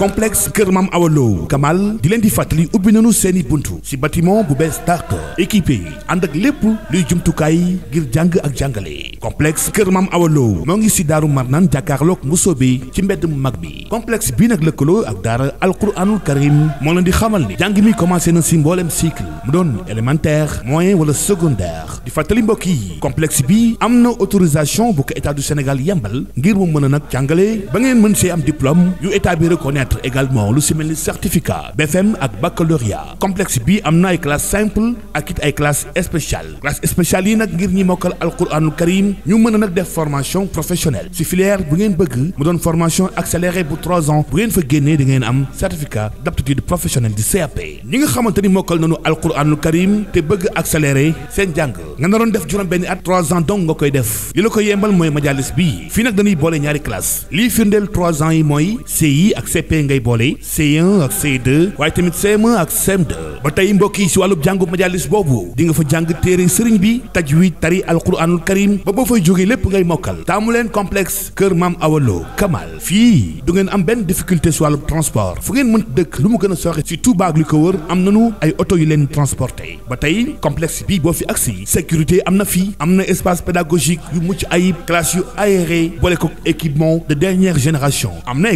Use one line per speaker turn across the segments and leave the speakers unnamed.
complexe Kër mam Awa Lo Kamal di leen di fàttali ubbi nañu seeni buntu ci bâtiment bu bees tàq équipé ànd ak lépp luy jumtukaay ngir jàng ak jàngale complexe Kër Maam Awa Lo moo ngi ci Daaru Marnaan jàkkaarloog Musobe ci mbedd mu mag bi complexe bii nag lëkkaloo ak daara alquranul karim moo leen di xamal ni jàng mi commencé na ci mbooleem cycle mu doon élémentaire moyen wala secondaire di fàttali mbokk yi complexe bi am na autorisation bu ko état Sénégal yembal ngir mu mën a nag jàngale ba ngeen mën see am diplôme yu état remettre lu si certificat BFM ak baccalauréat complexe bi am na ay classe simple ak it ay classe spéciale classe spéciale yi nag ngir ñi mokkal alquranul karim ñu mën a nag def formation professionnelle si filière bu ngeen bëgg mu doon formation accélérée bu ans bu ngeen fa génnee da ngeen am certificat d'aptitude professionnelle di CAP ñi nga xamante ni mokkal nañu alquranul karim te bëgg accéléré seen jàng nga naroon def juróom benn at yooyu ngay boole yi C1 ak C2 waaye tamit CM1 ak CM2 ba tey mbokk yi si wàllub jàngu majalis boobu di nga fa jàng téere sëriñ bi tajwid tari alquranul karim ba boo fay jógee lépp ngay mokkal taamu leen complexe kër maam awalo kamal fii du ngeen am benn difficulté si wàllub transport fu ngeen mënta dëkk lu mu gën a sooxe si Touba ak li ko wër am nanu ay oto yu leen transporté ba tey complexe bi boo fi agsi sécurité am na fii am na espace pédagogique yu mucc ayib yu aéré boole ko équipement de génération am na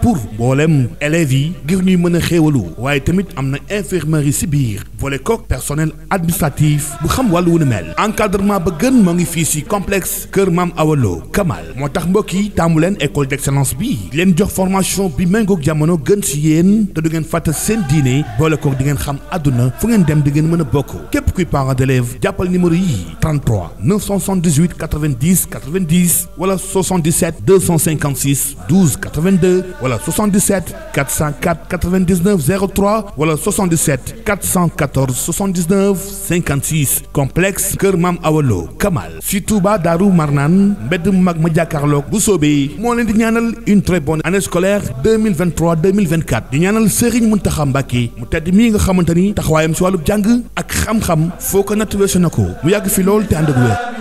pour mboolem élèves yi ngir ñuy mën a xéewalu waaye tamit am na infirmerie si biir volet kook personnel administratif bu xam wàllu wu nu mel encadrement ba gën moo ngi fii si complexe Kër Maam Awa Lo Kamal moo tax mbokk yi taamu leen école d'excellence bi leen jox formation bi méngoog jamono gën si yéen te du ngeen fàtte seen diine boole kook di ngeen xam àdduna fu ngeen dem di ngeen mën a bokk képp kuy parent d'élève jàppal numéro yi 33 978 90 90 wala 77 256 12 82 wala 77 404 99 03 wala 77 414 79 56 complexe Kër Maam Awalo Kamal si Touba Darou Marnane mbedd mu mag ma jàkkaarloog bu soobee moo leen di ñaanal une très bonne année scolaire 2023 2024 di ñaanal Serigne Mountakha Mbacké mu tedd mii nga xamante ni taxawaayam si wàllu jàng ak xam-xam foo ko natt weesu na ko mu yàgg fi lool te ànd ak wér